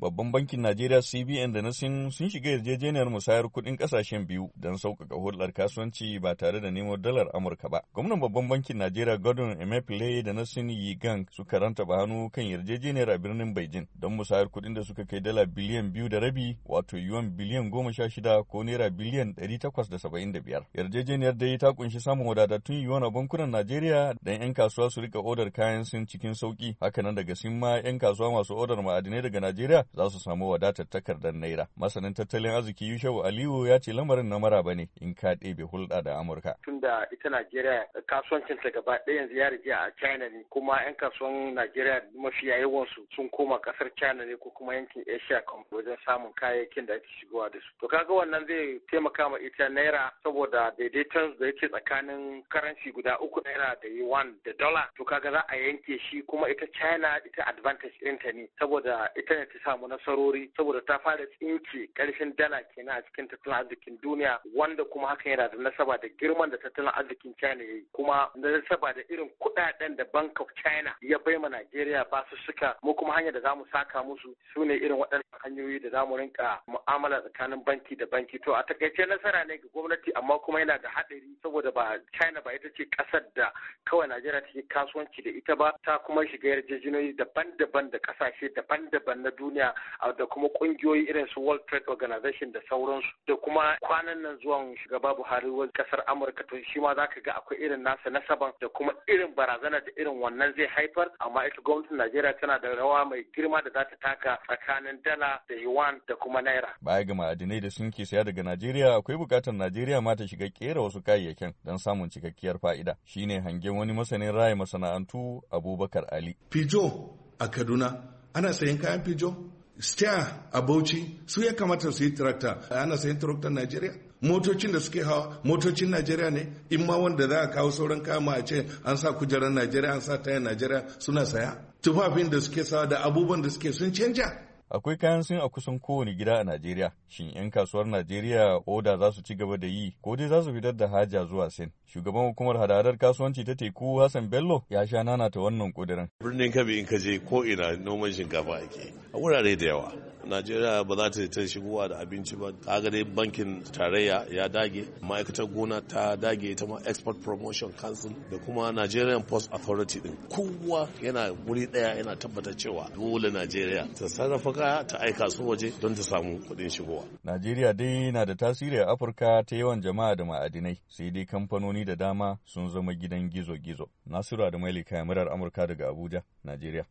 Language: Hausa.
Babban bankin Najeriya CBN da na Sin sun shiga yarjejeniyar musayar kuɗin ƙasashen biyu don sauƙaƙa hulɗar kasuwanci ba tare da nemo dalar Amurka ba. Gwamnan Babban bankin Najeriya Gordon Emefiele da na Sin Yi Gang suka ba hannu kan yarjejeniyar a birnin Beijing don musayar kuɗin da suka kai dala biliyan biyu da rabi wato yuwan biliyan goma sha shida ko naira biliyan ɗari takwas da saba'in da biyar. Yarjejeniyar dai ta kunshi samun wadatattun yuwan a bankunan Najeriya don 'yan kasuwa su rika odar kayan Sin cikin sauƙi. Hakanan daga Sin ma 'yan kasuwa masu odar ma'adinai daga Najeriya za su samu wadatar takardar naira. Masanin tattalin arziki Yushau Aliyu ya ce lamarin na maraba ne in ka ɗebe hulɗa da Amurka. Tun da ita Najeriya kasuwancinta gaba ɗaya yanzu ya rige a China ne kuma 'yan kasuwan Najeriya mafi yawansu sun koma ƙasar China ne ko kuma yankin Asia wajen samun kayayyakin da ake shigowa da su. To kaga wannan zai taimaka ma ita naira saboda daidaiton da yake tsakanin karanci guda uku naira da yuan da dola, to kaga za a yanke shi kuma ita China ita advantage ɗinta ne saboda ita ne ta samu samu nasarori saboda ta fara tsinci karshen dala kenan a cikin tattalin arzikin duniya wanda kuma hakan yana da nasaba da girman da tattalin arzikin China ya yi kuma nasaba da irin kuɗaɗen da Bank of China ya bai ma Najeriya ba su suka mu kuma hanyar da zamu saka musu su ne irin waɗannan hanyoyi da zamu rinka mu'amala tsakanin banki da banki to a takaice nasara ne ga gwamnati amma kuma yana da haɗari saboda ba China ba ita ce kasar da kawai Najeriya take kasuwanci da ita ba ta kuma shiga yarjejeniyoyi daban-daban da kasashe daban-daban na duniya A da kuma kungiyoyi irin su World Trade Organization da sauransu da kuma kwanan nan zuwan shugaba Buhari wa kasar Amurka to shi ma zaka ga akwai irin nasa nasaban da kuma irin barazana da irin wannan zai haifar amma ita gwamnatin Najeriya tana da rawa mai girma da za ta taka tsakanin dala da yuan da kuma naira. Baya ga ma'adinai da sun ke saya daga Najeriya akwai bukatar Najeriya ma ta shiga kera wasu kayayyakin don samun cikakkiyar fa'ida. Shine hangen wani masanin raya masana'antu Abubakar Ali. Pijo a Kaduna ana sayan kayan pijo. Stair a bauchi su ya kamata su yi tractor ana sayan tractor Nigeria motocin da suke hawa motocin Nigeria ne in ma wanda za a kawo sauran kama a ce an sa kujerar Nigeria an sa tayar Nigeria suna saya tufafin da suke sawa da abubuwan da suke sun canja Akwai kayan sun a kusan kowane gida a Najeriya. Shin 'yan kasuwar Najeriya oda za su ci gaba da yi ko dai za su fitar da haja zuwa Sin? Shugaban hukumar hadadar kasuwanci ta teku Hassan Bello ya sha nana ta wannan kudirin. Birnin Kabi in ka je ko ina noman shinkafa ake a wurare da yawa. najeriya ba za ta ta shigowa da abinci ba kaga dai bankin tarayya ya dage ma'aikatar gona ta dage ta ma export promotion council da kuma nigerian post authority din kowa yana wuri daya yana tabbatar cewa dole najeriya ta sarrafa kaya ta aika su waje don ta samu kuɗin shigowa najeriya dai na da tasiri a afirka ta yawan jama'a da ma'adinai sai dai kamfanoni da dama sun zama gidan gizo-gizo nasiru da mailika murar amurka daga abuja najeriya